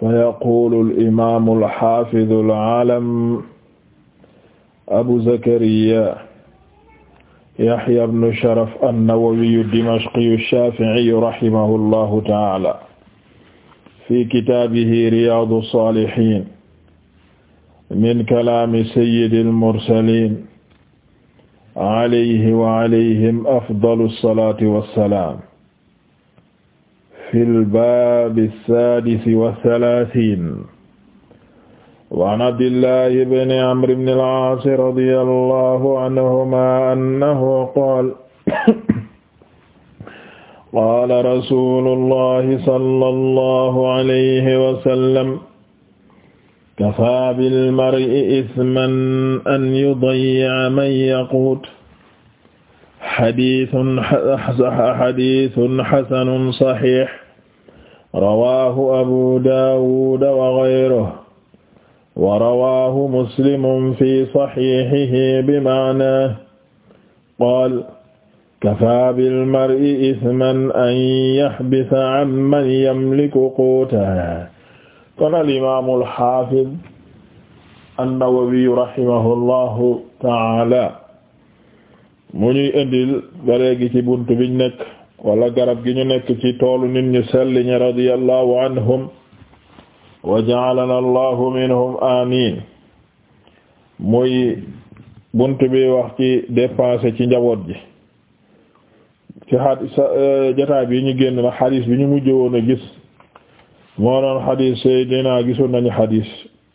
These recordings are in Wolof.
فيقول الإمام الحافظ العالم أبو زكريا يحيى بن شرف النووي الدمشقي الشافعي رحمه الله تعالى في كتابه رياض الصالحين من كلام سيد المرسلين عليه وعليهم أفضل الصلاة والسلام fil baabi saadisi wa salaasiin wa an Abdillahi ibn Amr ibn al-Aas radiyallahu anhumaa annahu qaala qaala rasuulullahi sallallahu alayhi wa sallam kafaa bil mar'i isman an yudayyi'a man yaquut xadiisun xadiisun xasanun saxiix rawaahu abu daawuud wa gayruhu wa rawaahu muslimun fi saxiixihi bimacnaahu qaala kafaa bilmar'i isman an yaxbisa amman yamliku quutan kon al-imaamul xaafiz an-nawawi rahimahu llaahu ta'aala mu ñuy indil ba léegi ci buntu biñ nekk wala garab gi ñu nekk ci toolu nit ñu sell ñi radiyallahu anhum wa ja'alana allahu minhum amin muy bunt bi wax ci dépenser ci njaboot ji ci xadis euh, jotaay bi ñu génn na xadis bi ñu mujj woon a gis moo doon xadis Seydina gisoon nañu xadis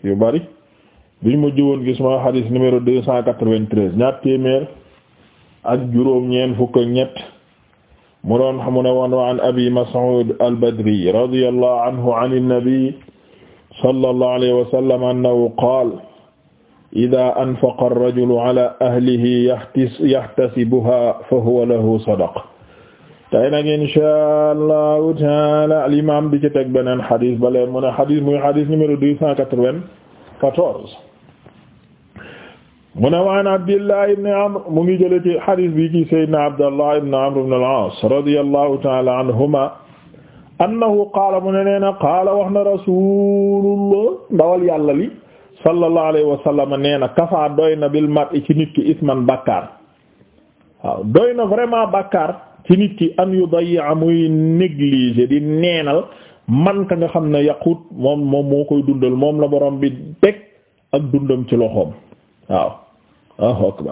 yu bari bi ñu mujj woon gis moo xadis numéro deux cent quatre-vingt-treize ñaar téeméer ak juróom ñeent fukk ak ñett mu doon mu ne woon wa an abi mas'ud al-badri radiyallahu anhu an an-nabi sallallahu alayhi wa sallam annahu qaala idaa anfaqa ar-rajulu ala ahlihi yahtasibuhaa fahuwa lahu sadaqa tey nag inshaa Allahu taala al-imaam bi ci teg beneen xadis ba leen mu ne xadis muy xadis numéro deux cent quatre-vingt-quatorze mu ne waan abdillah ibni amr mu ngi jële ci xadis bi ci saydna abdallah ibni amr ibn al-aas radiyallahu taala anhuma annahu qaala mu ne nee na qaala wax na rasulullah ndawal yàlla li sallallahu alayhi wa sallam nee na kafa doy na bil mar'i ci nit ki isman bàkkaar waaw doy na vraiment bàkkaar ci nit ki an yudayi'a muy négligé di neenal man ka nga xam ne yaqut moom moom moo koy dundal moom la borom bi teg ak dundam ci loxoom waaw Allahu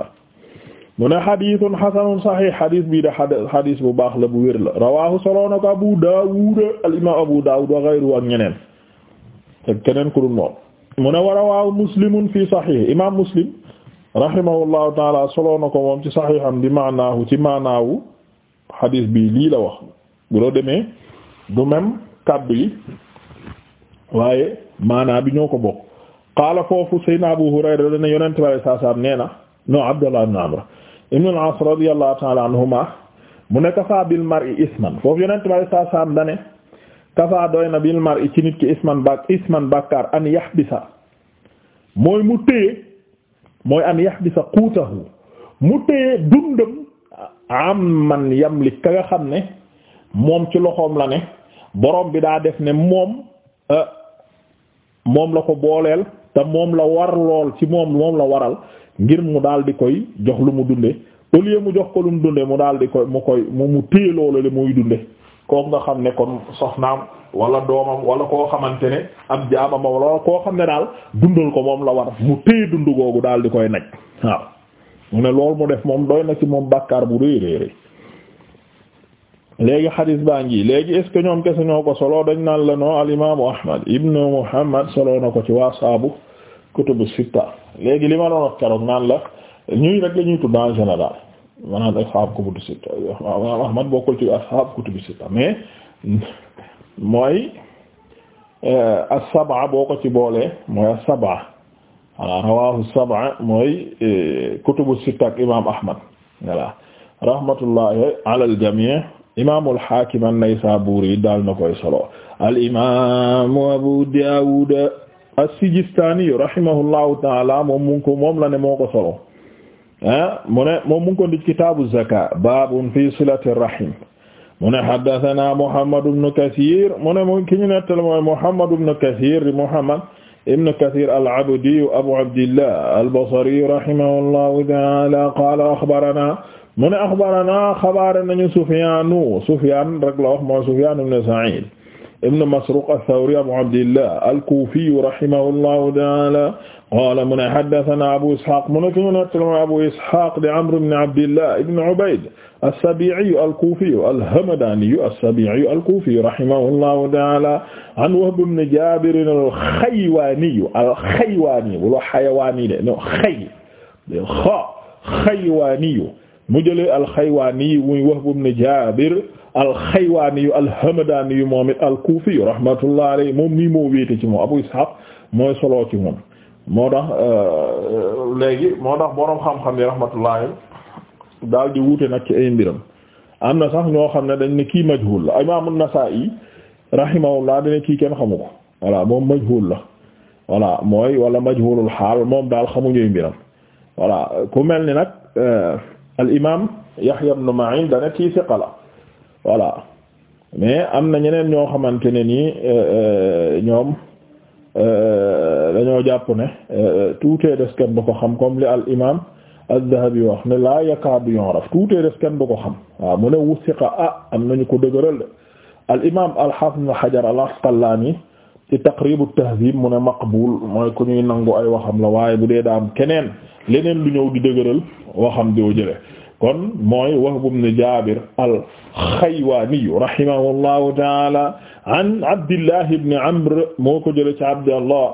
mu ne xadiisun xasanun saxiix xadiis bii de xadiis bu baax la bu wér la rawaahu solo na ko Abu Daawud al imaam Abu Daawud wa gayru ñeneen te keneen ku dul moom mu ne wa rawaahu muslimun fi saxiix imaam muslim rahimahullahu taala solo ko moom ci saxiixam bi maanaahu ci maanaawu xadiis bii lii la wax bu loo demee du même kàddu yi waaye maanaa bi ñoo ko bokk. qaala foofu Seydina Abu Hurayra dana yonent bi alayhi salaam nee na no Abdullah ibn Amr ibn al-As radiyallahu ta'ala anhuma mu ne kafa bil mar'i isman foofu yonent bi salaam dane kafa doy na bil mar'i ci nit ki isman bak an yahbisa mooy mu téye mooy an yahbisa quutahu mu téye dundam am man yamlik ka nga xam ne moom ci loxoom la ne borom bi daa def ne moom euh, moom la ko booleel te moom la war lool ci moom moom la waral ngir mu daal di koy jox lu mu dunde au lieu mu jox ko lu mu dunde mu daal di koy mu koy mu mu téye loolu le muy dunde kooku nga xam ne kon soxnaam wala doomam wala koo xamante ne ab jaamam wala koo xam ne daal dundal ko moom la war mu téye dund googu daal di koy naj waaw mu ne loolu mu def moom doy na ci moom bàkkaar bu rëy rëy rëy léegi xadis baa ngi léegi est ñoom kese ñoo ko solo dañ naan la noo al imaamu Ahmad ibnu ko ci saabu kutubu sitta léegi li ma doon wax keroog naan la ñuy rek la ñuy tudd en général maanaam ashab kutubu sitta waaw Ahmad bokkul ci ashab kutubu sitta mais mooy euh, as-sab'a boo ko ci boolee mooy as-sab'a voilà rawahu as-sab'a mooy euh, kutubu sitta ak imaam Ahmad voilà rahmatullahi ala al-jami' imaamul Haakim an-Naysaburi daal na koy solo al imaamu Abu Daawud as-Sijistaani rahimahullahu taala moom mu ngi ko moom la ne moo ko solo ah mu ne moom mu ngi ko ndi kitaabu zakaat baabun fi silati rahim mu ne haddasanaa Muhammad ibn Kasiir mu ne mu ki ñu nettal mooy Muhammad ibn Kasiir di Muhammad ibn Kasiir al-Abdi Abu Abdillah al-Basri rahimahullahu taala qaala axbaranaa mu ne axbaranaa xabaar nañu Sufyaan Sufyaan rek la wax mooy Sufyaan ibn Sa'iid ibn Masruq ath-Thawri Abu Abdillah al-Kufi rahimahullahu ta'ala qala mu ne haddathana Abu Ishaq mu ne ki ñu nettali mooy Abu Ishaq di Amr ibn Abdillah ibn Ubayd as-Sabi'i al-Kufi al-Hamadani as-Sabi'i al-Kufi rahimahullahu ta'ala an Wahb ibn Jabir al-Khaywani al-Khaywani wala Haywani de no Khay Khaywani mu jëlee alxaywaani muy Wahb ibn Jaabir alxaywaani alhamdaani moom it alkuufi rahmatullahi alayhi moom nii moo wéete ci moom Abu Isxaaq mooy solo ci moom. moo tax euh, euh, léegi moo tax boroom xam-xam yi rahmatullahi daal di wuute nag ci ay mbiram am na sax ñoo xam ne dañ ne kii majhul la imaam an-Nasaa'i rahimahullah dañ ne kii kenn xamu ko voilà moom majhul la voilà mooy wala majhulul xaal moom daal xamuñu mbiram voilà ku mel ni nag. Euh, al imaam Yahya ibn Ma'in dana kii siqa la voilà mais am na ñeneen ñoo xamante ne nii euh, euh, ñoom euh, dañoo jàpp ne tuutee des kenn du ko xam comme li al imaam az-Zahabi wax ne laa yakaadu yu'raf tuutee kenn du ko xam ah, am nañu ko dëgëral imaam al-Hafiz Ibn Hajar al ci taqribu tahdhib mu ne maqbul mooy ku ñuy nangu ay waxam la waaye bu dee daam keneen leneen lu ñëw di dëgëral waxam doo jële kon mooy Wahb ibn Jaabir al-Xaywaani rahimahullahu taala an Abdillah ibn Amr moo ko jële ci Abdallah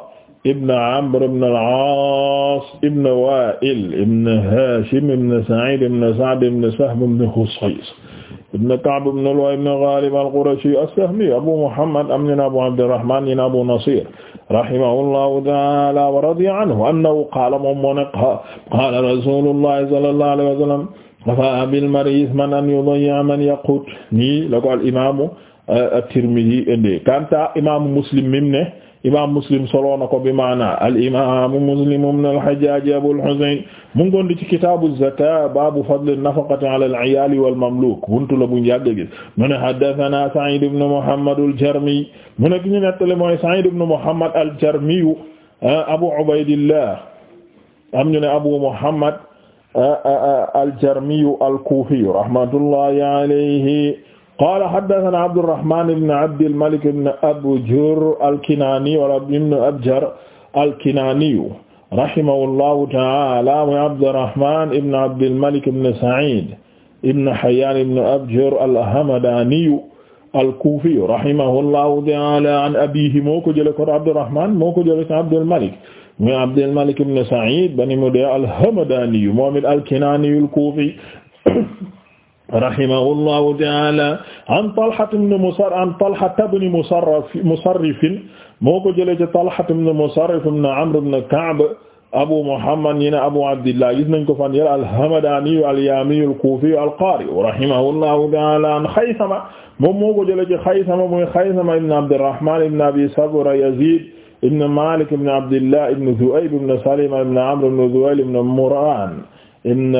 ibn Amr ibn al-Aas ibn Haashim ibn Sa'iid ibn Sa'd ibn Sahm ibn Xusays ibn Ka'b ibn Lu'ay ibn Ghalib al-Qurashi as-Sahmi Abu Muhammad am na Abu Abdirrahman ñi Abu Nasir rahimahullahu ta'ala wa radiya anhu annahu qaala moom moo ne qaala rasulullahi sallallahu alayhi wa sallam kafaa bil-mar'i ithman an yudayyi'a man yaqut nii la ko al-imaamu at-Tirmidhi indi kanta imaamu Muslim mim ne imaam muslim solo na ko bi maana al imaamu muslim ibn al hajjaaj abul husayn mu ngi di ci kitaabu zakaat baabu fadli nafaqati ala al iyaal wal mamluuk buntu la bu njàgg gi mu ne haddathanaa Sa'iid ibn Muhammad al Jarmi mu ne ki ñu nettali mooy Sa'iid ibn Muhammad al Jarmi ah, abu Ubaydillah am ñu ne abu Muhammad ah, ah, al Jarmi al Kuufi rahmatullahi alayhi qaala haddasanaa Abdurrahmaan ibn Abdil Malik ibn Abjar al-Kinaani wala ibn Abjar al-Kinaani rahimahullahu ta'aala wa Abdurrahmaan ibn Abdil Malik ibn Sa'iid ibn Hayyaan ibn Abjar al-Hamdaani al-Kuufi rahimahullahu ta'aala an abiihi moo ko jëlee kon Abdurrahmaan moo ko jëlee kon Abdul Malik muy Abdul Malik ibn Sa'iid bani mu dee al-Hamdaani moom it al-Kinaani al-Kuufi rahimahullahu taala an Talha ibn Musarrif an Talha ibn Musarrif Musarrif moo ko jëlee ci Talha ibn Musarrif ibn Amr ibn Ka'b Abu Muhammad ñi ne Abu Abdillah gis nañ ko fan yéen al-Hamadani al-Yami al-Kufi al-Qari rahimahullahu taala an Khaythama moom moo ko jëlee ci Khaythama mooy Khaythama ibn Abdirrahman ibn Abi Sabra Yazid ibn Malik ibn Abdillah ibn Zu'ayb ibn Salima ibn Amr ibn Dhuhayl ibn Murran ibn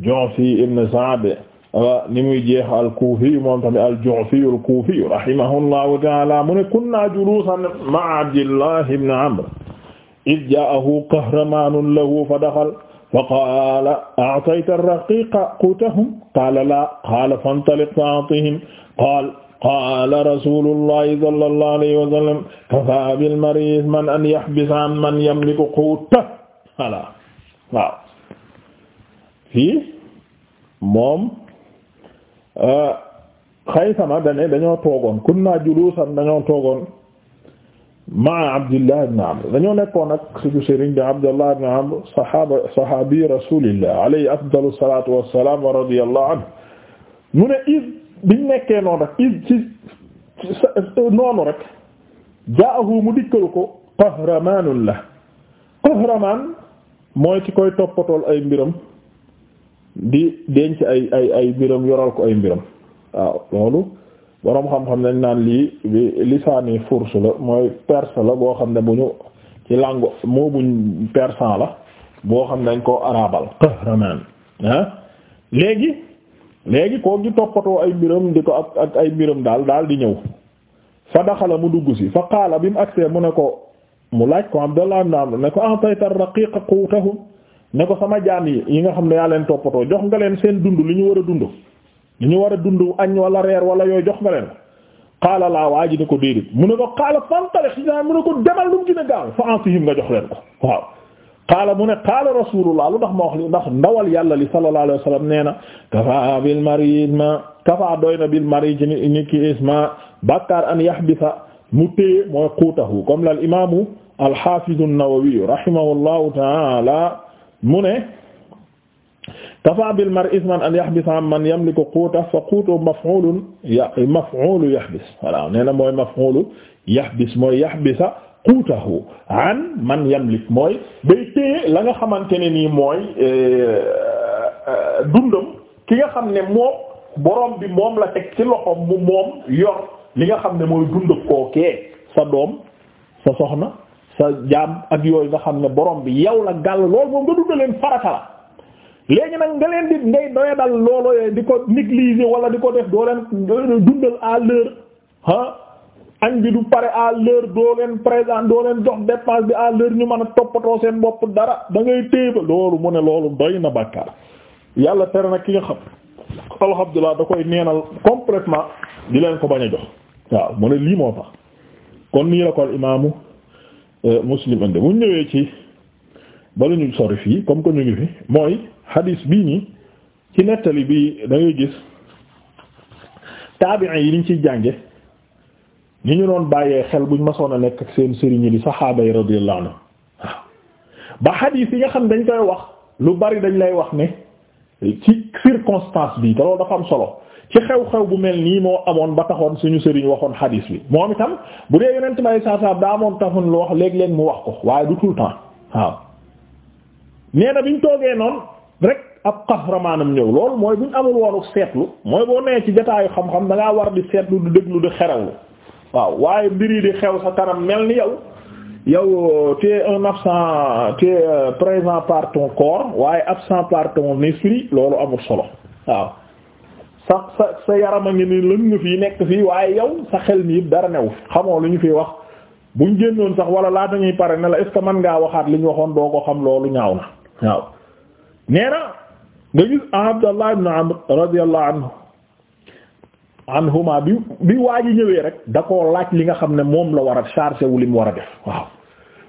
Ju'fi ibn Sa'd ni muy jeex al-Kufi moom tamit al-Ju'fi al-Kufi rahimahullahu ta'ala mu ne kunna julusan ma'a Abdillah ibn Amr idh ja'ahu qahramanun lahu fa daxala fa qaala a'tayta ar-raqiqa qutahum qaala laa qaala fantaliq fa'tihim qaala qaala rasulullahi sallallahu alayhi wa sallam kafaa bil-mar'i ithman an yahbisa man yamliku qutahu voilà waaw fii moom xaysama dane dañoo toogoon kunna juluusan dañoo toogoon maa abdillah ibn amr dañoo nekkoon ak suñu sëriñ bi abdullah ibn amr sahaaba sahaabi rasulillah alayhi afdalu salatu anhu mu ne id biñ nekkee noonu rek id ci mu dikkal ko qahramanun la qahraman mooy ci koy toppatool ay mbiram di denc ay ay ay mbiram yoral ko ay mbiram waaw loolu boroom xam-xam nañ naan lii lisaani furs la mooy perse la boo xam ne bu ñu ci langue moo buñ la boo xam ne dañ koo arabal qahraman ah léegi léegi koo gi toppatoo ay mbiram di ko ak ak ay mbiram daal daal di ñëw fa daxala mu dugg si fa qaala bi mu agsee mu ne ko mu laaj ko am ibn Amr ne ko a'tayta ar-raqiqa qutahum ne ko sama jaam yi yi nga xam ne yaa leen toppatoo jox nga leen seen dund li ñu war a dund ñu war a dund añ wala reer wala yooyu jox nga leen ko xaala laa waa ji ko déedéet mu ne ko xaala fantalix ina mu ne ko demal lu mu gën a gaaw fa ansihim nga jox leen ko waaw mu ne xaala rasulullah lu ndax ma wax li ndax ndawal yàlla li sallallahu alayhi wasallam nee na kafa bil mari isma kafa doy na bil mari ci ni ki isma bàkkaar an yahbisa mu téye mooy xuutahu comme la al mu ne kafa bil mar isman an yahbis am man yamliku quuta fa quutu maf'ulun ya maf'ulu yahbis voilà nee na mooy maf'ulu yahbis mooy yahbisa quutahu an man yamlik mooy day téye la nga xamante ne nii mooy eh, eh, dundam ki nga xam ne moom borom bi moom la teg ci loxoom mu moom yor li nga xam ne mooy dund kookee sa doom sa soxna sa jaam ak yooyu nga xam ne borom bi yow la gàll loolu moom nga dund leen la léegi nag nga leen di ngay doya dal looloo di ko négliger wala di ko def doo leen dundal à l'heure ah añ bi du pare à l'heure doo leen présent doo leen jox dépense bi à ñu mën a toppatoo seen bopp dara da ngay téye ba loolu mu ne loolu doy na bàkkaar yàlla tere na ki nga xam alhamdulilah da koy neenal complètement di leen ko bañ a jox waaw mu ne lii moo tax kon nii Euh, muslim indi bu ñëwee ci bala ñu sori fii comme que ñu ngi fi mooy hadis bii nii ci nettali bi dangay ngay gis taabiin yi liñ ciy jànge ni ñu doon bàyyee xel buñ masoon a nekk ak seen sëriñ di saxaaba yi radiyallahu anhu ba hadis yi nga xam dañ koy wax lu bari dañ lay wax ne. ci circonstance bi te loolu dafa am solo ci xew-xew bu mel nii moo amoon ba taxoon suñu sëriñ waxoon xadiis bi moom itam bu dee yonent may saasaam daa amoon taxoon lu wax léeg-léeg mu wax ko waaye du tout le temps waaw nee na biñ toogee noonu rek ab xahramaanam ñëw loolu mooy ñu amul woonu seetlu mooy boo nee ci jataayu xam-xam da war di seetlu di déglu di xerewlu waaw waaye mbir yi di xew sa kanam mel ni yow yow euh, tu es un absent tu es euh, présent corps waaye absent par ton loolu amul solo waaw sa sa sa yaram a ngi nii lën nga fii nekk fii waaye yow sa xel mi yëpp dara new fi xamoo lu ñu fi wax buñ génnoon sax wala laata ñuy pare ne la est ce que man ngaa waxaat li ñu waxoon doo ko xam loolu ñaaw na waaw nee nga gis Abdallah ibn Amr radiyallahu anhu anhuma bi bi waa ji ñëwee rek da koo laaj li nga xam ne moom la war a chargé wu li mu war a def waaw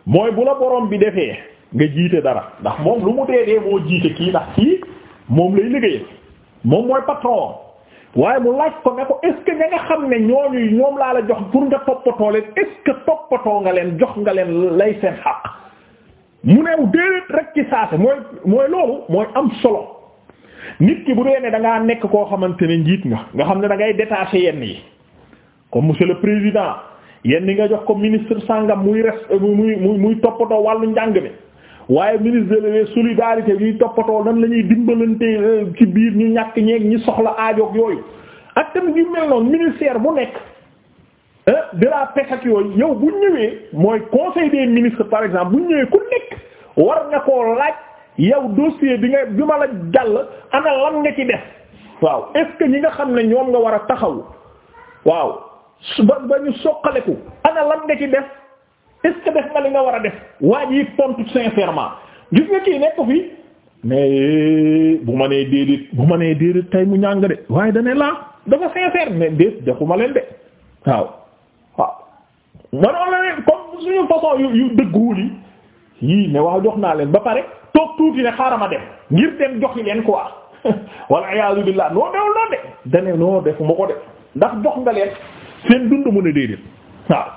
mooy bu la borom bi defee nga jiite dara ndax moom lu mu dee dee moo jiite kii ndax kii moom lay liggéeyal moom mooy patron waaye mu laaj ko ne ko est nga nga xam ne ñooñu ñoom laa la jox pour nga toppatoo leen est toppatoo nga leen jox nga leen lay seen xaq mu new déedéet rek ci saase mooy mooy loolu mooy am solo. nit ki bu dee ne da nekk koo xamante ne njiit nga nga xam ne dangay ngay détaché yenn yi comme monsieur le président yenn yi nga jox ko ministre sàngam muy res muy muy muy toppatoo wàllu njàng mi waaye ministre de la solidarité ñuy toppatoo nan la dimbalante euh, ci biir ñu ñàkk ñeeg ñi soxla aajoog yooyu ak tamit yu mel noonu ministère bu nekk euh, de la pêche ak yooyu yow bu ñëwee mooy conseil des ministres par exemple bu ñëwee ku nekk war nga koo laaj. yow dossier bi nga bi ma la jàll ana lan nga ci def waaw est ñi nga xam ne ñoom nga war a taxaw waaw su ba ba ñu soqaleku ana lan nga ci def est-ce que def nga li nga war a def waa ji tontu sincèrement gis nga kii nekk fi mais bu ma nee déedéet bu ma nee déedéet tey mu ñàng de waaye dane laa dafa sincère mais déet defuma leen de waaw waaw manoon la ne comme suñu façon yu dëgguwul yi yii ne waaw jox naa leen ba pare toog tuuti ne xaaral ma dem ngir dem joxi leen quoi walla iyaazu billaah noo dewul noonu de dane noo ko de ndax jox nga leen seen dund mu ne déedéet waaw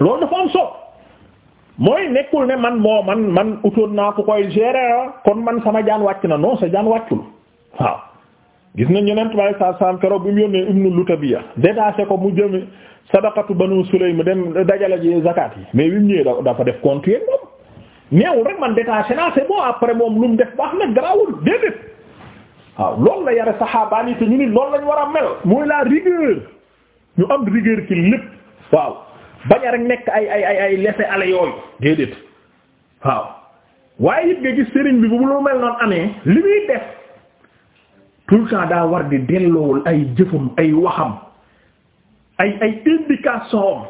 loolu dafa am solo mooy nekkul ne man moo man man utoon naa ku koy gérer ah kon man sama jaan wàcc na non sa jaan wàccul waaw gis nañ yeneen tubaab saa saam keroog bi mu yónnee ibnu Lutabiya détaché ko mu jëme sadaqatu banu Sulaym dem dajale ji zakat mais bi mu ñëwee dafa def compte moom neewul rek man détaché naa c'est bon après moom lu mu def baax na garaawul déedéet waaw lool la yare saxaabaan yi te ñu nit loolu lañ war a mel mooy la rigueur ñu am rigueur ki lépp waaw bañ a rek nekk ay ay ay ay laisser-aller yooyu déedéet waaw waaye it nga gis sëriñ bi bu mu mel noonu amee li muy def tout temps daa war di delloowul ay jëfam ay waxam ay ay indication am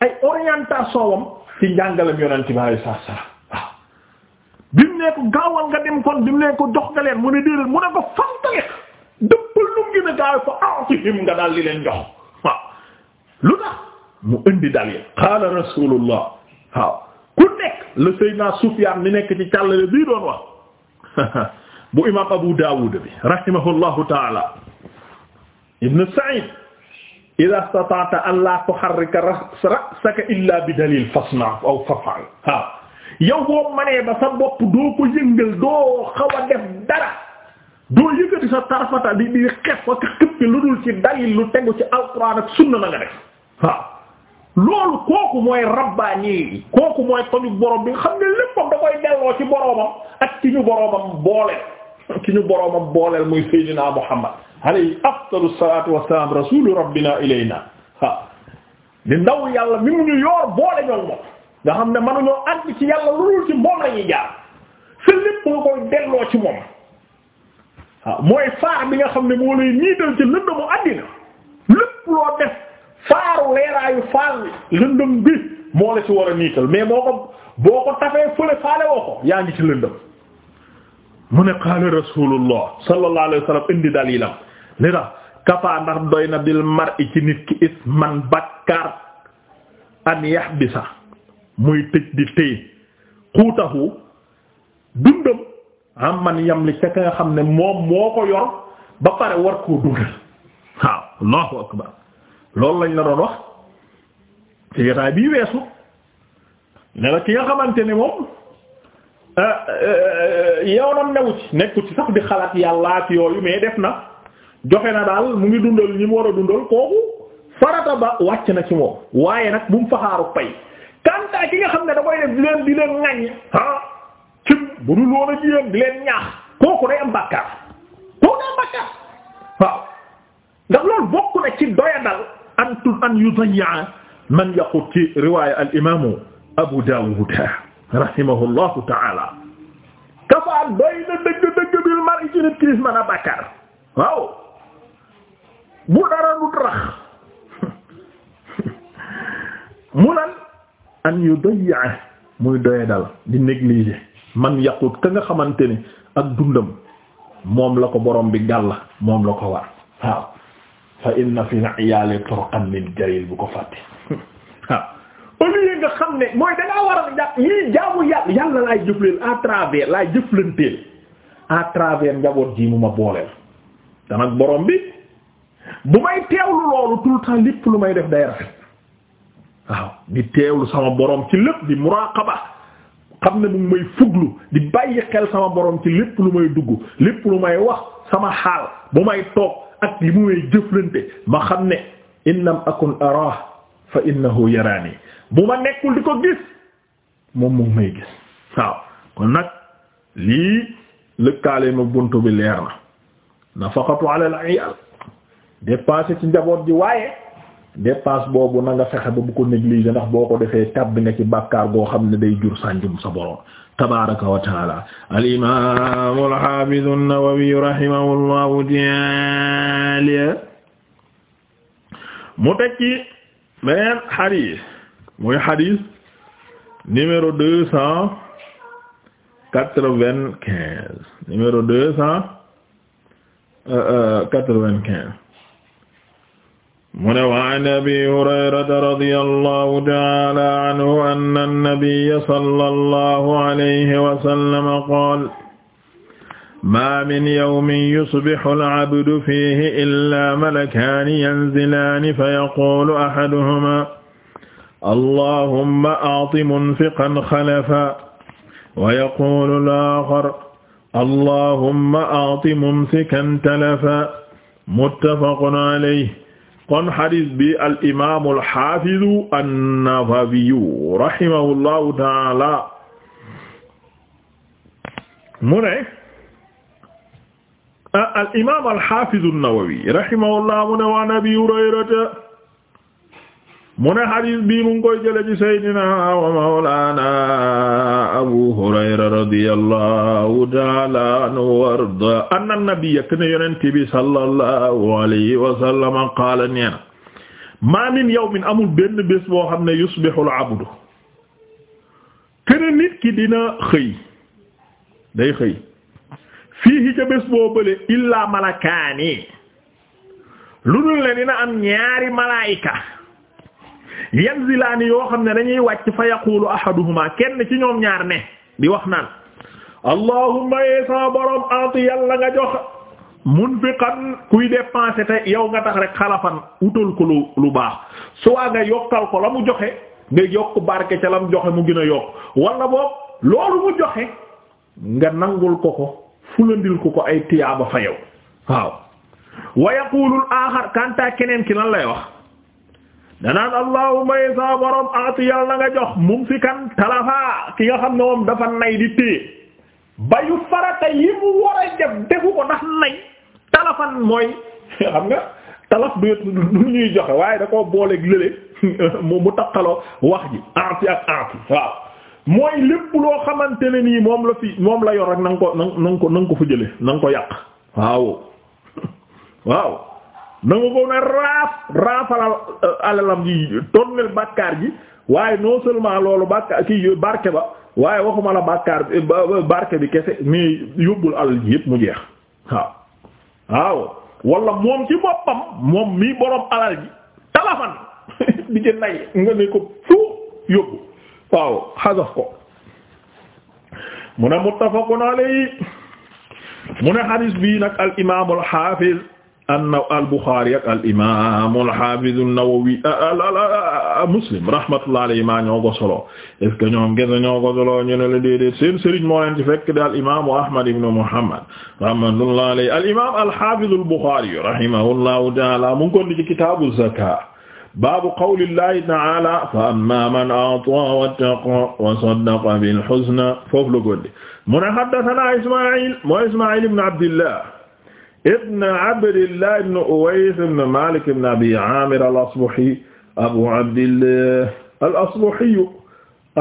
ay orientation ci njàngalem yonent bi alayhi salaam waaw bi mu ne ko gaawal nga dem kon bi mu ne ko jox mu ne déedéet mu ne ko fantalik dëppal lu ngi ne gaaw fa aatihim nga daal di lu tax mu indi dalil qaala rasulullah waaw ku nekk le Seydina Sufyaan mi nekk ci càllale bii doon wax bu imam Abu Daawud bi rahimahullahu taala ibn Sa'id ida stata'ta an la tuharrika ra'saka illa bi dalil fasna aw faf'al waaw yow boo manee ba sa bopp doo ko yëngal doo xaw a def dara doo yëkkati sa tarfata di di xef ak xëpp lu dul ci dalil lu tegu ci alquran ak sunna na nga def waaw loolu kooku mooy rabbaani kooku mooy toju borom bi nga xam ne léppam da koy delloo ci boromam ak ci ñu boromam booleel ci ñu boromam booleel muy Seydina Muhammad alayhi afdalu salaatu wassalaam rasuulu rabbina ilayna waaw ndaw yàlla mi mu ñu yoor boole ñoom moom nga xam ne mënuñoo àgg ci yàlla loolu ci moom la ñuy fi lépp nga koy delloo ci moom mooy faar bi nga xam ne moo lay niital ci lëndëmu àddina lépp loo def faaru leeraayu faar bi lëndëm bi moo ci war a niital mais boo tafee fële faale woo yaa ngi ci lëndëm mu ne qaala rasulullah sallallahu alayhi wa sallam indi dalilam li tax kafaa ndax doy na bil mar'i ci nit ki isman bakkaar bi yahbisa muy tëj di tëye xuutahu dundam am man yam li ca ka nga xam ne moom moo ko yor ba pare war koo dundal waaw loolu lañ la doon wax ci bii weesu ne la ki nga xamante ni moom ah, ah, ah, yow nam newu ci nekku ci sax di xalaat yàllaat yooyu mais def na joxe na daal mu ngi dundal ñi mu war a dundal kooku farata ba wàcc na ci moom waaye nag bu mu faxaaru pay kantaa ki nga xam ne da koy def di leen di leen ŋaññ ah cim bu dul woon a jiyéen di leen ñaax kooku day am bàkkaar kooku day am bàkkaar waaw ndax loolu bokk na ci doyadal an tu an man yaqut ci riwaya al imamu Abu Dawud rahimahullahu ta'ala kafaa doy na dëgg dëgg bil mar'i ci nit ki mën a bàkkaar waaw bu dara du rax mu lan an yu doya muy doye dal di négliger man yàqut ka nga xamante ni ak dundam moom la ko borom bi gàll moom la ko war waaw fa inna fi iyaali turqan min jaril bu ko fàtte waaw au nga xam ne mooy dangaa war a jàpp lii jaamu yàlla yàlla laay jëfleel à laay jëflanteel à njaboot ji mu ma booleel te borom bi bu may teewlu loolu tout le lépp lu may def day rafet waaw di teewlu sama borom ci lépp di muraqaba xam ne mu may fuglu di bàyyi xel sama boroom ci lépp lu may dugg lépp lu may wax sama xaal bu may toog ak li mu may jëflante ma xam ne innam akun araah fa innahu yaraani mu may nag lii lëkkaale ma buntu bi leer na nafaqatu ala al dépenser ci njaboot ji waaye dépense boobu na nga fexe ba bu ko négliger ndax boo ko defee tàbbi nga ci bàkkaar goo xam ne day jur sànjum sa boroom tabaraka wa taala al-imam al-hafiz an-Nawawi rahimahullahu ta'ala mu tekki beneen xadiis muy xadiis numéro deux cent quatre-vingt-quinze numéro deux cent euh, euh, quatre-vingt-quinze mu ne waan abi hurayrata radia allahu taala aanhu ann annabiya sala allahu alayhi wasallama qaal maa min yawmin yusbixu alabdu fiihi illaa malakaani yanzilaani fa yaquulu axaduhuma allahumma aati munfiqan xalafa wa yaquulu alaaxar allahumma aati mumsikan talafa muttafaqun alayhi kon hadis bi al imaam al haafiz an-Nawawi rahimahullahu taala mu ne al imaam al haafiz an-Nawawi rahimahullah mu ne wa Abi Hurayrata mu ne hadis bi mu ngi koy jële ci sayyidina wa mawlaana radiyallahu ta'ala anhu wa arda anna nabiyya kana yonent bi sallallahu alayhi wa sallam qaala neena maa min yawmin amul benn bés boo xam ne yusbihul abdu kana nit ki dina xëy day xëy fiihi ca bés boo bële illaa malakaani lu dul ne dina am ñaari malaayika yanzilaani yoo xam ne dañuy wàcc fa yaqulu ahaduhuma kenn ci ñoom ñaar ne di wax naan allahumma sa borom ati yàlla nga jox munfiqan kuy dépenser te yow nga tax rek xalafan utal ko lu lu baax suwaa nga yokkal ko la mu joxe nga yokk barke ca la mu joxe mu gën a yokk wala boog loolu mu joxe nga nangul ko ko fulandil ko ko ay tiyaaba fa yow waaw wa yaqulul aaxar kanta keneen ki lan lay wax danaan allahumma ye sa borom aatu yàlla na nga jox mumsikan talafa ki nga xam ne moom dafa nay di téye bayu farata yi mu war a def defu ko ndax nay talafan mooy xam nga talaf du du ñuy joxe waaye da koo booleeg lële mu mu takkaloo wax ji aati ak aati waaw mooy lépp loo xamante ne nii moom la fi moom la yor rek na ko na ko na nga ko fa jële na ko yàq waaw waaw na nga ko ne raaf raafalal euh, alalam ji tonnel bàkkaar ji waaye non seulement loolu bàkkaar kii barke ba waaye waxuma la bàkkaar barke bi kese mais yóbbul alal ji yëpp mu jeex waaw waaw wala moom ci boppam moom mii borom alal ji talafan bi ci nay nga ne ko fu yóbbu waaw xasaf ko mu ne muttafaqun alayhi mu ne hadis bii nag al imaam anna al-Bukhari ak al-imam al-hafiz an-Nawawi Muslim rahmatullah alayhi ma ñoo ko solo est-ce que ñoom gese ñoo ko solo ñu ne la déedéet seen sëriñ moo leen ci fekk di al-imam Ahmad ibn Muhammad rahmatullah alayhi al-imam al-hafiz al-Bukhari rahimahullahu ta'ala mu ngi ko di ci kitabu zakat baabu qawlillahi ta'ala fa amma man a'taa wattaqa wa saddaqa bil husna foofu la gondi mu ne haddathana Isma'il mooy Isma'il ibn Abdillah ibn abdillah ibn uways ibn malik ibn abi amir al-asbahi abu abdillah al-asbahi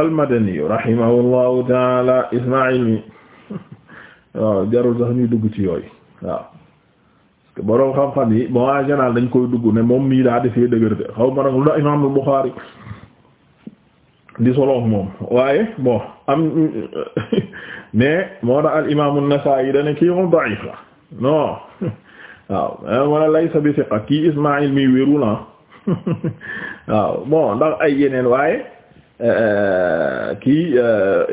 al-madani rahimahullahu taala ismaili waaw jarul sax ñuy dugg ci yooyu waaw parce que boroom xam-xam yi bon en général dañ koy dugg ne moom mii daa defee dëgër de xaw ma nag lu da imaam al-Bukhari di solo moom waaye bon am mais moo tax al-imaam an-Nasa'i dane kii moom da'if la non waaw euh, wala laysa bi siqa kii Ismaïl mi wérul ah waaw bon ndax ay yeneen waaye euh, euh, kii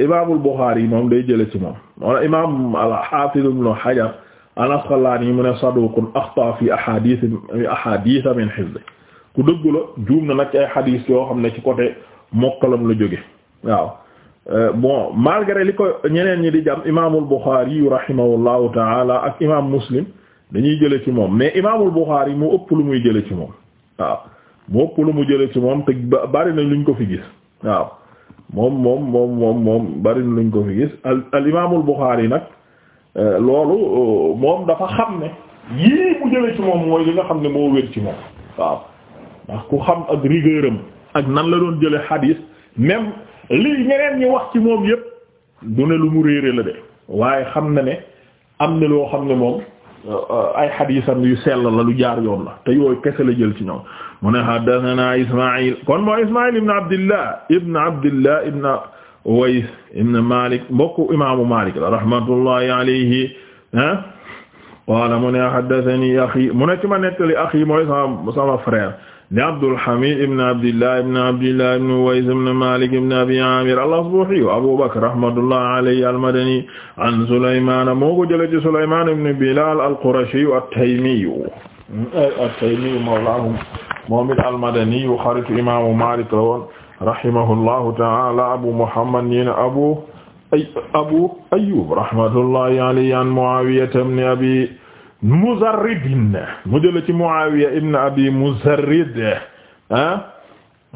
imaamul Buxaari moom day jële ci moom wala imaam al-Haafiz ibn Hajar al-Asqalaani mu ne saduqun axta fi ahadith ahadith min hifz ku dëggu la juum na nag ay xadiis yoo xam ne ci côté mokkalam la jóge waaw Euh, bon malgré li ko ñeneen ñi di jam imaamul Buxaari rahimahullahu taala ak imaam Muslim dañuy jële ci moom mais imaamul Buxaari mu ëpp lu muy jële ci moom waaw mu ëpp lu mu jële ci moom te bari lu luñ ko fi gis waaw moom moom moom moom moom bari na luñ ko fi gis al al imaamul Buxaari nag euh, loolu euh, moom dafa xam ne yii mu jële ci moom mooy li nga xam ne moo wér ci moom waaw ndax ku xam ak rigueur ak nan la doon jële xadiis même lii ñeneen ñi moom yépp du ne lu mu la de waaye xam na ne am na xam ne moom euh, ay xadiisam yu sell la lu jaar yoon la te yooyu kese la jël ci ñoom mu ne haddathana kon moo ismail ibn abdillah ibn abdillah ibn uways ibn malik malik la rahmatullahi alayhi ah qaala mu ne haddathani axi ma axi mooy sama sama di Abdulhamid ibn Abdillah ibn Abdillah ibn Uways ibn Malik ibn Abi Amir al-Asbahi Abu Bakr rahmatullah alayhi al-Madani an Sulaymaan moo ko jëlee ci Sulaymaan ibn Bilal al-Qurashi at-Taymi at-Taymi mawlaahum moom it al-Madani xaritu imaamu Malik la woon rahimahullahu ta'ala Abu Muhammad ñi ne Abu Abu Ayyub rahmatullahi alayhi an Muawiya ibn Abi Muzarrid mu jële ci Muawiya ibn Abi Muzarrid ah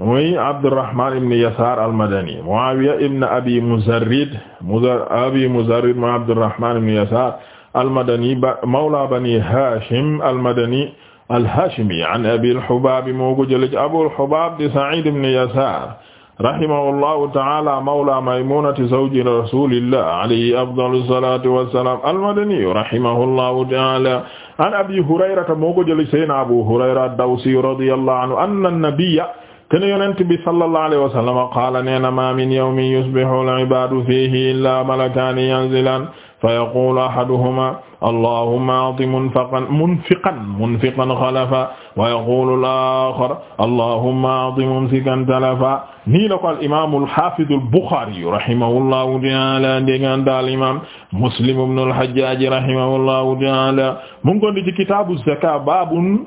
muy Abdurrahman ibn Yasar al-Madani Muawiya ibn Abi Muzarrid Muzar Abi Muzarrid mu Abdurrahman ibn Yasar al-Madani mawla bani Hashim al-Madani al-Hashimi an Abi al-Hubab moo ko jële ci Abu al-Hubab di Sa'id ibn Yasar rahimahullahu ta'ala mawla maymunati zawji rasulillah alayhi afdalu salatu wassalam almadani rahimahullahu ta'ala an abi hurayrata moo ko jëli sayna abu hurayra dawsi radiyallahu anhu anna nabiyya kana yonent bi sallallahu alayhi wa sallam qaala neena ma min yawmin yusbihu al-ibadu fihi illa malakani yanzilan fa yaqulu ahaduhuma allahumma a'ti munfiqan munfiqan munfiqan xalafa wa yaqulu al-akhar allahumma a'ti mumsikan talafa nii la ko al imaam al haafiz al Buxaari rahimahullahu ta'ala ndéngaan daal imaam Muslim ibn al Hajjaj rahimahullahu ta'ala mu ngi ko di ci kitaabu zakaat baabun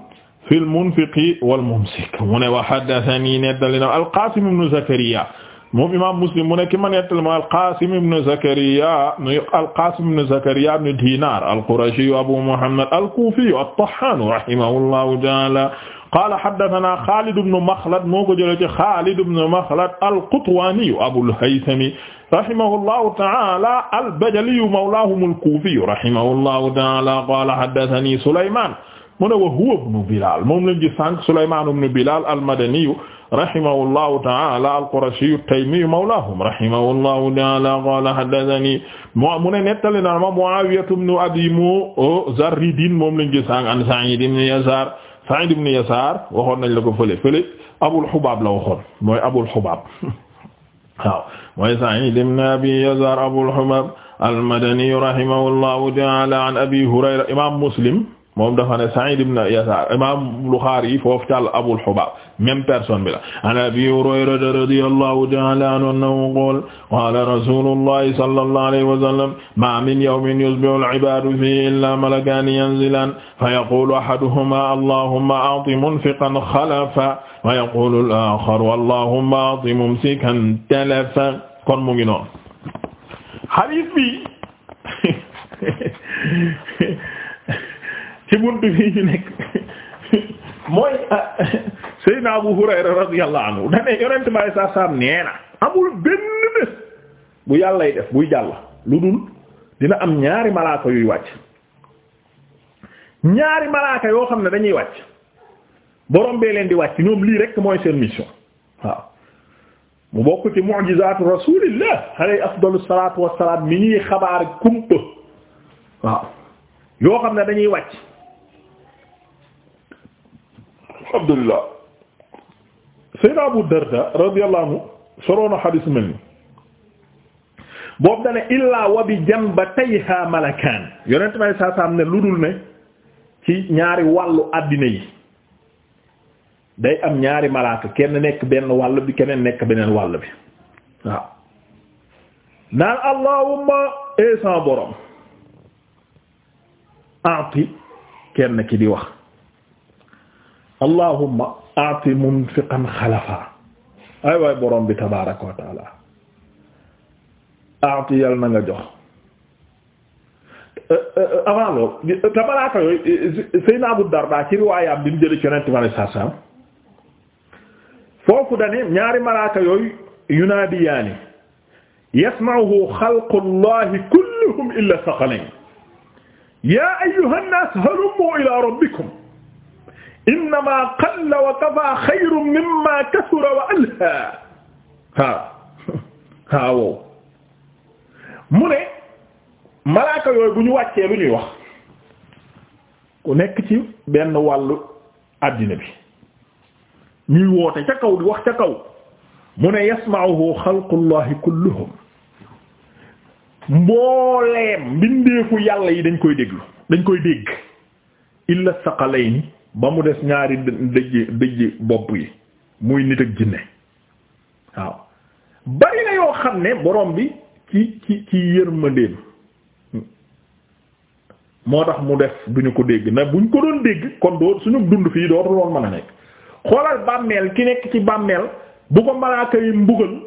fil munfiqi wal mumsik mu ne wa haddathanii nettali na al Qaasim ibn Zakariya moom imaam Muslim mu ne ki ma nettali mooy al-Qaasim ibn Zakariya al-Qaasim ibn Zakariya ibn Diinaar al-Qurashi Abu Muhammad al-Kufi at-Tahaan rahimahullahu ta'aala qaala haddathanaa Xaalid ibn Maxlad moo ko jëlee ci Xaalid ibn Maxlad al-Qutwaani Abul Haythami rahimahullahu ta'aala al-Bajali mawlaahum al-Kufi rahimahullahu ta'aala qaala haddathanii Sulaymaan mu ne wa huwa ibn Bilaal moom lañ ci sànq Sulaymaan ibn Bilaal al-Madani rahimahullahu ta'ala al-Qurashi at-Taymi mawlahum rahimahullahu ta'ala qala haddathani mo mu ne nettali na ma Muawiya ibn Abi Muzarrid moom lañ gis an Sa'id ibn Yazar Sa'id ibn Yazar waxoon nañ la ko fële fële Abul Hubaab la waxoon mooy Abul Hubaab waaw mooy Sa'id ibn Abi Yazar Abul Hubaab al-Madani rahimahullahu ta'ala an Abi Hurayra imam Muslim moom dafa ne Sa'id ibn Yazar imam Bukhari foofu ca Abul Hubaab même personne bi la an abi hurayrata radiyallahu ta'ala anhu annahu qaala qaala rasulullahi sallallahu alayhi wa sallam ma min yawmin yusbihu al-'ibadu fihi illa malakani yanzilan fa yaqulu ahaduhuma allahumma a'ti munfiqan khalafa wa yaqulu al-akharu allahumma a'ti mumsikan talafa kon mu ngi noonu hadith bi ci buntu bi ñu nekk mooy Seydina Abu Hurayra radiyallahu anhu dane yonent may sa sam nee amul benn bés bu yàllay def buy jàll lu dul dina am ñaari malaaka yuy wàcc ñaari malaaka yoo xam ne dañuy wàcc borom bee leen di wàcc ñoom lii rek mooy seen mission waaw mu bokk ci mu'jizaatu rasulillah ñuy xabaar kumpa waaw yoo xam ne dañuy wàcc alhamdulillah Seydina Abu Darda radiyallahu anhu soroon na xadis mel ni boobu dane illaa wa bi janbatayha malakaan yonent may saa saam ne lu dul ne ci ñaari wàllu àddina yi day am ñaari malaaka kenn nekk benn wàll bi keneen nekk beneen wàll bi waaw naan allahumma e eh, sa borom anti kenn ki di wax allahumma aati munfiqan xalafa ay waay borom bi tabaaraka wa taala aati yal na nga jox avant loolu te malaaka yooyu Seydina Abu Darda ci riwaayaam bi mu jëlee ci Yonent bi sallallahu alayhi wasallam foofu dane ñaari malaaka yooyu yunaadiyaani yasma'uhu xalqullahi kulluhum illa saqalayn yaa ayyuhan naas halummu ilaa rabbikum innama qalla wa kafa xayrun mimma kasura wa alha waaw waaw mu ne malaaka yooyu bu ñu wàccee lu ñuy wax ku nekk ci benn wàllu àddina bi ñuy woote ca kaw di wax ca kaw mu ne yasma'uhu xalqullahi kulluhum mbooleem mbindeefu yàlla yi dañ koy déglu dañ koy dégg illa saqalayni ba mu des ñaari dëjj dëjj bopp yi muy nit ak jinne waaw bari na yoo xam ne borom bi ci ci ci yërmandeem moo tax mu def duñu ko dégg na buñ ko doon dégg kon doo suñu dund fii dootul woon mën a nekk xoolal bàmmeel ki nekk ci bàmmeel bu ko malaaka yi mbugal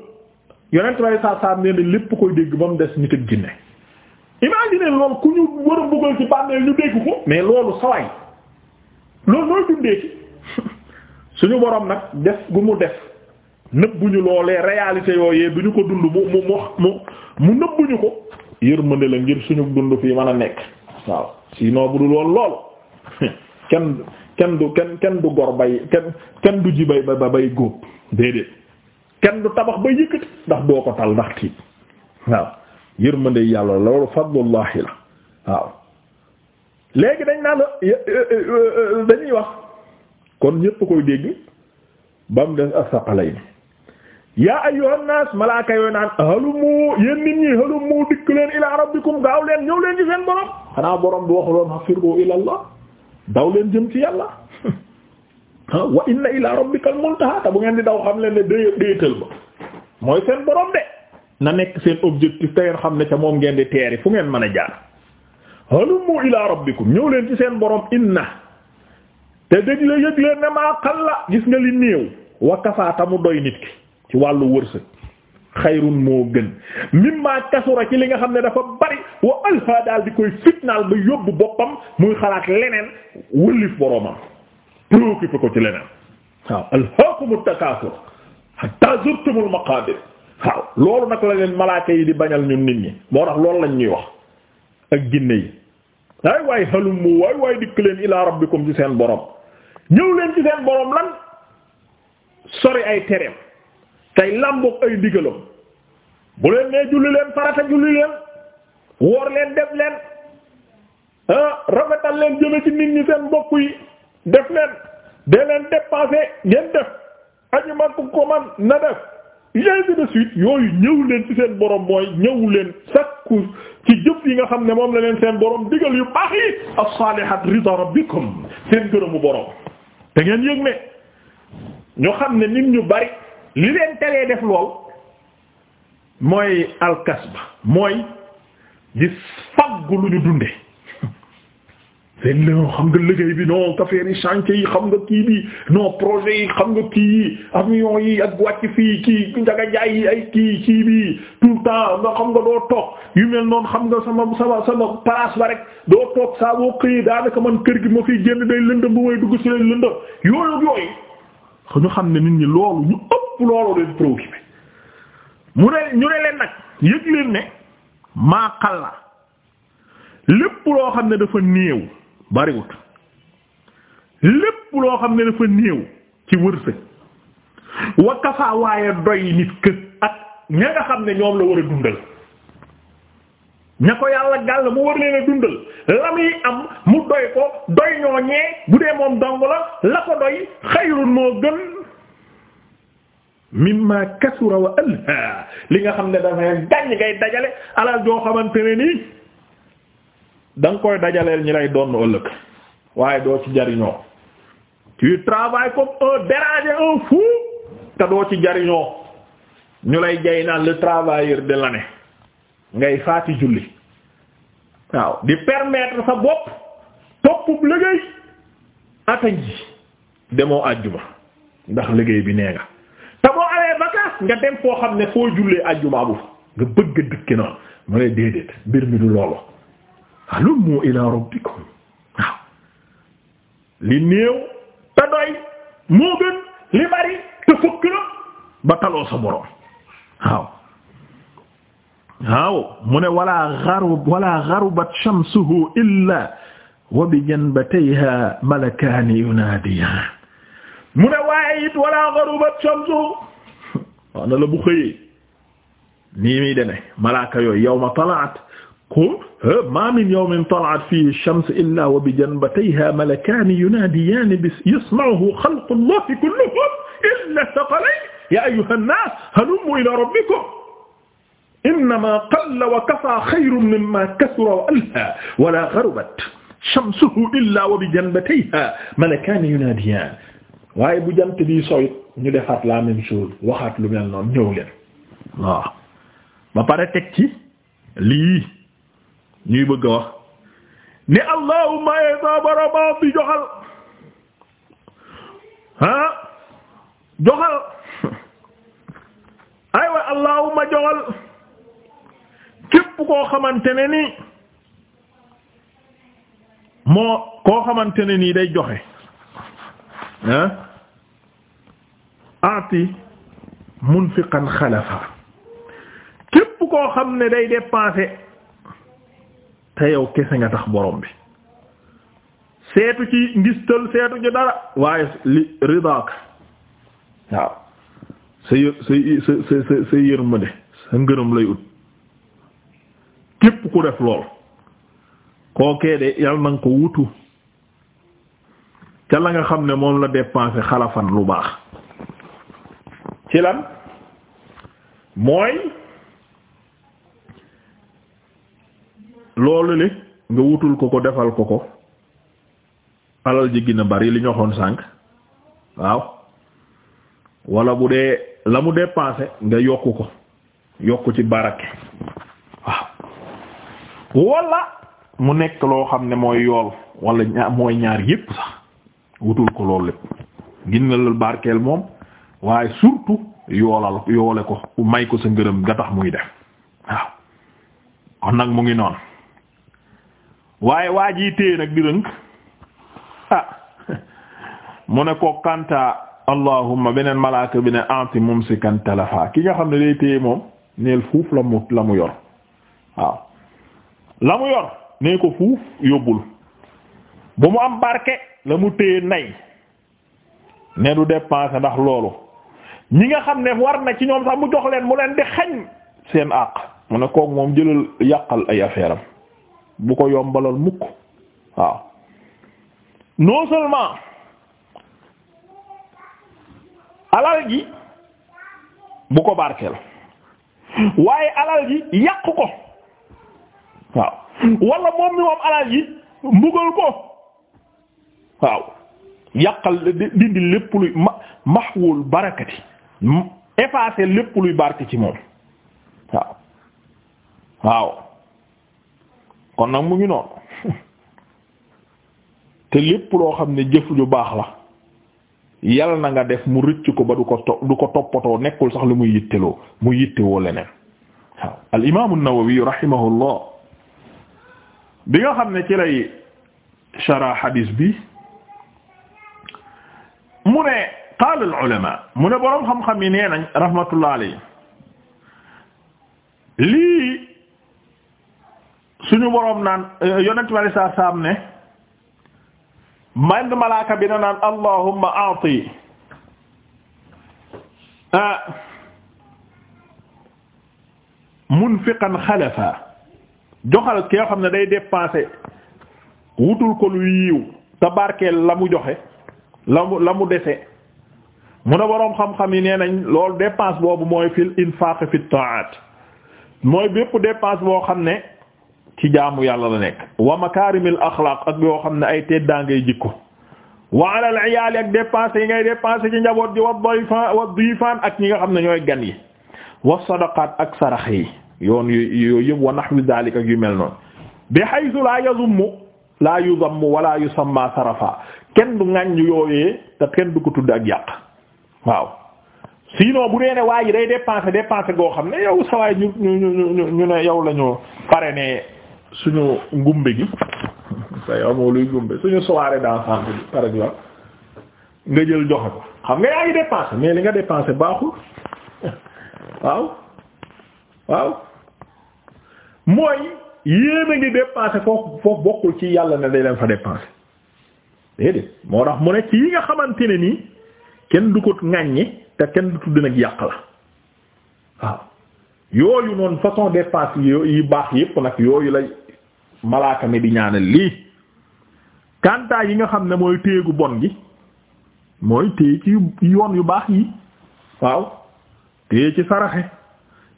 yonent way saa saa nee na lépp koy dégg ba mu des nit ak jinne imagine loolu ku ñu war a mbugal ci bàmmeel ñu dégg ko mais loolu saway loolu nooy dundee ci suñu borom nag def bu mu def nëbbuñu loolee réalité yooyee du ñu ko dund mu mu mu mu nëbbuñu ko yërmande la ngir suñu dund fii mën a nekk waaw sinon bu dul woon loolu kenn kenn du kenn kenn gor bay kenn kenn du ji bay ba bay góob déedéet kenn du tabax ba yëkkati ndax doo ko tal ndax tiit waaw yërmande yàlla loolu fadlullahi la waaw léegi dañ naan euh, euh, euh, dañuy wax kon ñépp koy dégg ba mu des as-saqalayn yaa ayyuhan naas malaaka yooyu naan halumu yéen nit ñi halumu dikk leen ilaa rabbikum gaaw leen ñëw leen ci seen borom xanaa borom bi waxuloon firru ila allah daw leen jëm ci yàlla wa inna ilaa rabbikal muntaha bu ngeen di daw xam leen ne dé déetal ba mooy seen borom de na nekk seen objectif te ngeen xam ne ca moom ngeen di teeri fu ngeen mën a jaar halummu ila rabbikum ñëw leen ci seen boroom inna te dëgg la yëg leen ne maa qalla gis nga li néew wa kafaata mu doy nit ki ci wàllu wërsëg xayrun moo gën mimma kasura ci li nga xam ne dafa bari wa alha daal di koy fitnaal ba yóbbu boppam muy xalaat leneen wëllif boromam préoccupé ko ci leneen waaw alhaakumut takaasur hatta zurtumul maqaabir waaw loolu nag la leen malaaka yi di bañal ñun nit ñi moo tax loolu lañ ñuy wax ak ginne yi ay waay xalumu waay waay dikk leen ila rabbikum ci seen borom ñëw leen ci seen borom lan sori ay tereem tey làmboog ay digalam bu leen nee julli leen farata julli leen woor leen def leen ah, rafetal leen jëme ci nit ñi seen mbokk yi def leen dee leen dépasser ngeen def aji man ko man na def ainsi de yooyu ñëw leen ci seen borom mooy ñëw leen sakku ci jëpp yi nga xam ne moom la leen seen borom digal yu baax yi as-salihat rida rabbikum seen gërëmu borom. te ngeen yëg ne ñu xam ne nit ñu bari li leen teree def lool mooy alkasba mooy di faggu lu ñu dunde léegi la xam nga liggéey bi non affaire yi chantier yi xam nga kii bi non projet yi xam nga kii yi avion yi ak wàcc fii kii njaga jaay yi ay kii kii bi tout le temps nga xam nga doo toog yu mel noonu xam nga sama sama sama place ba rek doo toog saa boo xëyee daanaka man kër gi moo fiy génn day lëndëm bu may dugg si lay lëndëm yooyu yooyu ñu xam ne nit ñi loolu ñu ëpp loolu leen préoccupé mu ne ñu ne leen nag yëg ne maa xalla lépp loo xam ne dafa néew. bariwut lépp loo xam ne dafa néew ci wërsëg wa waaye doy nit kë ak ña nga xam ne ñoom la war a dundal ña ko yàlla gàll mu war leen a dundal la muy am mu doy ko doy ñoo ñee bu dee moom dong la la ko doy xayrun moo gën mimma kasura wa alha li nga xam ne dafay gàññ ngay dajale alal joo xamante ne nii da nga koy dajaleel ñi lay doon ëllëg waaye doo ci jariñoo tu travailles comme un dérangé te doo ci jariñoo ñu lay jay naan le travailleur de l'année ngay faati julli waaw di permettre sa bopp toppub liggéey atañ ji demoo àjjuma ndax liggéey bi nee nga te boo amee vacances nga dem foo xam ne foo jullee àjjuma bu nga bëgg a dëkki noonu mu lay déedéet mbir mi du loolu halummu ila rabbikum waaw li néew te doy moo gën li bari te fëkk la ba taloo sa borom waaw waaw mu ne wala gharub wala gharubat shamsuhu illa wa bi janbatayha malakaani yunaadiyaan mu ne waaye it wala gharubat shamsuhu wax na la bu xëyee nii muy deme malaaka yooyu yawma talaat ko ma min yawmin tala'at fihi ash-shams illa wa bi janbatayha malakani yunadiyan yasma'uhu khalqu allahi kulluhum illa thaqalayn ya ayyuha an-nas halummu ila rabbikum innama qalla wa kafa khayrun mimma kasura wa alha wa la gharubat shamsuhu illa wa bi janbatayha malakani yunadiyan waaye bu jant bi sooy ñu defaat la même chose waxaat lu mel noonu ñëw leen waaw ba pare teg ci lii ñuy bëgg a wax ne allahumma isa barama bi joxal ah joxal aywa allahumma joxal képp koo xamante ne nii moo koo xamante ne nii day joxe ah aati munfiqan xalafa képp koo xam ne day dépenser te yow kese nga tax borom bi seetu ci ngistal seetu ci dara waaye li ridaak waaw sa yë sa sa sa sa yërmande sa ngërëm lay ut képp ku def lool kookee de yal na nga ko wutu ca la nga xam ne moom la dépensé xalafan lu baax ci lan mooy loolu le nga wutul ko ko defal ko ko alal ji gën a bari li ñu sànk waaw wala bu dee la mu dépensé nga yokku ko yokku ci barake waaw wala mu nekk loo xam ne mooy yool walla ña mooy ñaar yépp sax wutul ko loolu lépp gin na lal barkeel moom waaye surtout yoolal yoole ko may ko sa ngërëm nga tax muy def waaw kon nag mu ngi noonu waaye waa ji téye nag di rënk ah. mu ne ko kanta allahumma beneen malaaka bi ne anti mumsikan talafa ki nga xam ne day téye moom neel fuuf la mu la mu yor waaw la mu yor nee ko fuuf yóbbul bu mu am barke la mu téye nay ne du dépenser ndax loolu ñi nga xam ne war na ci ñoom sax mu jox leen mu leen di xañ seen àq mu ne kook moom jëlal yàqal ay affaire am bu ko yombalal mukk waaw non seulement alal ji bu ko barkeel waaye alal ji yàq ko waaw wala moom mi moom alal ji mbugal ko waaw yàqal dindi lépp luy ma maxwul barakati effacer lépp luy barke ci moom waaw waaw kon nag mu ngi noonu te lépp loo xam ne jëf ju baax la yàlla na nga def mu rëcc ko ba du ko toppatoo nekkul sax lu muy yitteloo muy yittewoo leneen waaw al imaamu Nawawi rahimahullah bi nga xam ne ci lay shara hadis bi mu ne qaala al ulama mu ne boroom xam-xam yi nee nañ rahmatullah alayhi lii suñu boroom naan eh, yonent bi alayhi salaatu salaam ne man malaaka bi na naan allahumma a'ti eh, munfiqan xalafa joxal ki nga xam ne day dépenser wutul ko lu yiiw te la mu joxe la mu la mu dese mu ne boroom xam-xam yi nee nañ lool dépense boobu mooy fil infaaq fi taat mooy bépp dépense boo xam ne ci jaamu yàlla la nekk wa makarimil axlaaq ak yoo xam ne ay teddaangay jikko wa alal iyaali ak dépenses yi ngay dépenser ci njaboot ji wa dayfan wa difan ak ñi nga xam ne ñooy gan yi wa sadaqaat ak sarax yi yoon yooyu yëpp wa nahwi dalik ak yu mel noonu bi haythu la yazummu la yuzammu wala yusamma sarafa kenn du ŋàññ yooyee te kenn du ko tudd ak yàq waaw sinon bu dee ne waa ji day dépenser dépenser goo xam ne yow sawaay ñu ñu ñu ñu ne yow la pare ne suñu ngumbe gi say amoo luy ngumbe suñu soirée d'ensemble bi par exemple nga jël joxe ko xam nga yaa ngi mais li nga dépensé baaxul waaw waaw mooy yéen a ngi dépensé foofu foofu bokkul ci yàlla na day leen fa dépensé déedéet moo tax mu ne ci yi nga xamante ne nii kenn du ko ŋàññi te kenn du tudd nag yàq la waaw yooyu noonu façon dépense yi baax yépp nag yooyu lay malaaka mi di ñaana lii kantaa yi nga xam ne mooy téegu bon gi mooy téye ci yoon yu baax yi waaw téye ci saraxe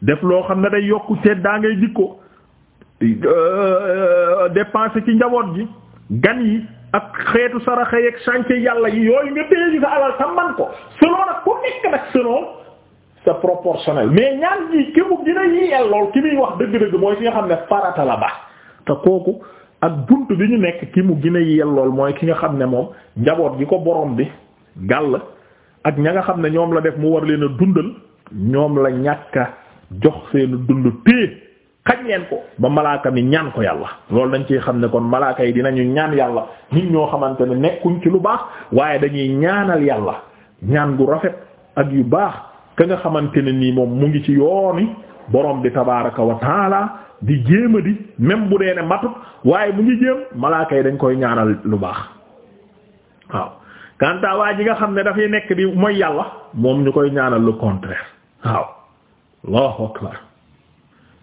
def loo xam ne day yokku seet daa ngay jikko euh, dépenser ci njaboot gi gan yi ak xeetu saraxe yeeg sànke yàlla yi yooyu nga téye ci sa alal sa man ko selon nag ku nekk nag selon sa proportionnel mais ñaan gi ki mu gën a ki muy wax dëgg-dëgg mooy fi nga xam ne farata la baax kooku ak bunt bi ñu nekk ki mu gën a yellool mooy ki nga xam ne moom njaboot gi ko boroom bi gàll ak ña nga xam ne ñoom la def mu war leen a dundal ñoom la ñàkk jox seen dund téye xañ leen ko ba malaaka mi ñaan ko yàlla loolu dañ ciy xam ne kon malaaka yi dinañu ñaan yàlla nit ñoo xamante ne nekkuñ ci lu baax waaye dañuy ñaanal yàlla ñaan gu rafet ak yu baax ka nga xamante ne nii moom mu ngi ci yooni borom bi tabaaraka wa di jéem a di même bu dee ne matut waaye mu ngi jéem malaaka yi dañ koy ñaanal lu baax waaw kanta waa ji nga xam ne dafay nekk di mooy yàlla moom ñu koy ñaanal le contraire waaw allahu akbar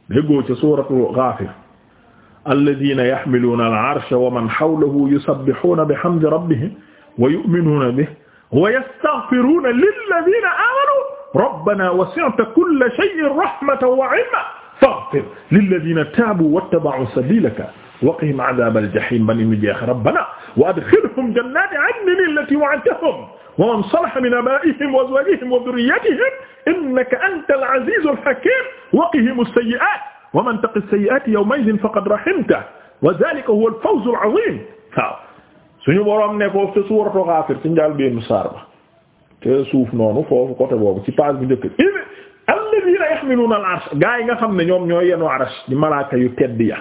déggoo ca suratu Ghafir alladhina yahmiluna al-arsha wa man hawlahu yusabbihuna bihamdi rabbihim wa yu'minuna bihi wa yastaghfiruna lilladhina amanu rabbana wasi'ta kulla shay'in rahmatan wa 'ilman faghfir lilladina taabu wattaba'u sabilaka wa qihim adabal jahim ba ni mu jeex rabbana wa adkhilhum jannati adnin allati wa'adtahum wa man salaha min aba'ihim wa azwajihim wa dhurriyyatihim innaka antal azizul hakim wa qihim as-sayyi'at wa man taqi as-sayyi'ati yawma'idhin faqad rahimtahu wa dhalika huwa al-fawzul 'azim waaw suñu boroom ne foofu te suuratu Ghaafir ci njaal benn saar ba te suuf noonu foofu côté boobu ci page bu njëkk alladina yaxmiluuna al arsh gaa yi nga xam ne ñoom ñooy yenu arsh di malaaka yu tedd ya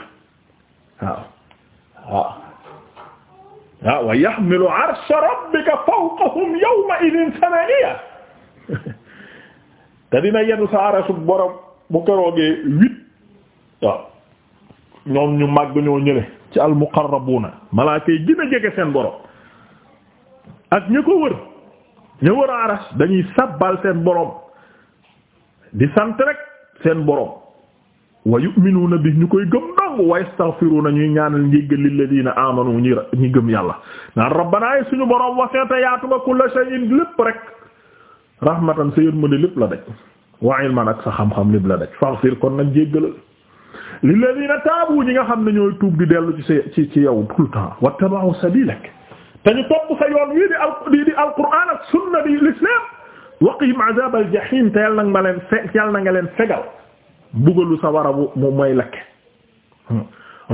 waaw waaw waaw wa yaxmilu arsha rabbika fawqahum yawma te dina yenu sa arshu borom bu keroogee huit waaw ñoom ñu màgg ñoo ñële ci al muqarrabuuna malaaka yi gën seen borom ak ñu ko wër ñu wër a arsh dañuy sabbal seen borom di sant rek seen borom wa yu'minuuna bi ñu koy gëm dong wa yastaghfiruuna ñuy ñaanal njéggal lilladiina aamanu ñi ñi gëm yàlla naan rabbanaa yi suñu borom wasi'ta yaatu ba kulla shay'in lépp rek rahmatan sa yërmande lépp la daj wa ilman ak sa xam-xam lépp la daj faghfir kon nag jéggalal lilladiina taabu ñi nga xam ne ñooy tuub di dellu ci si ci yow tout le temps wattaba'u sabiilak te ñu topp sa yoon wi di al waqihim azab al jahim te yal na ma leen na nga leen fegal mbugalu sa war a mu mooy lakk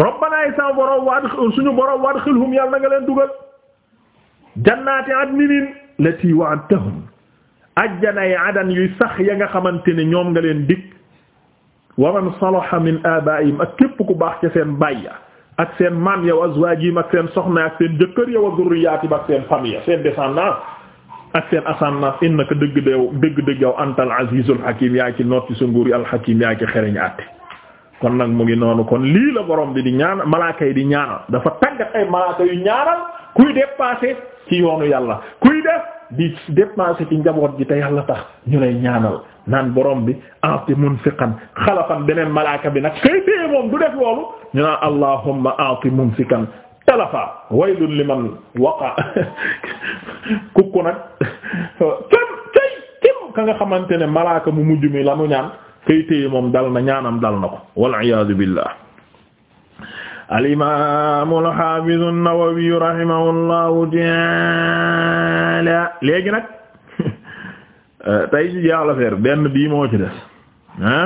rabbana sa borom wa adkhil suñu borom wa adkhilhum yal na nga leen dugal jannaati adnin lati wa'adtahum ajjanay adan yuy sax ya nga xamante ne ñoom nga leen dig wa man salaha min abaihim ak képp ku baax ca seen bàyya ak seen maam yow azwaajihim ak seen soxna ak seen jëkkër yow wa dhurriyyatihim ak seen famille seen descendance ak seen ascendance innaka dëgg deew dëgg dëgg yow antal azizul hakim yaa ci noot ci nguur yi alhakim yaa ci xereñ àtte kon nag mu ngi noonu kon lii la borom bi di ñaanal malaaka yi di ñaanal dafa tàggat ay malaaka yu ñaanal kuy dépasser ci yoonu yàlla kuy def di dépasser ci njaboot ji te yàlla tax ñu lay ñaanal naan borom bi a'ti munfiqan xalafan beneen malaaka bi nag kay téye moom du def loolu ñu naan allahumma a'ti munfiqan talafa waylun liman waqa kukku nag kem kay kem ka nga xamante ne malaaka mu mujj mi la mu ñaan kay téye moom dal na ñaanam dal na ko wal iyaadu billah al imaam al haafiz an-Nawawi rahimahullahu ta'ala léegi nag tey ji jeexal affaire benn bii moo ci des ah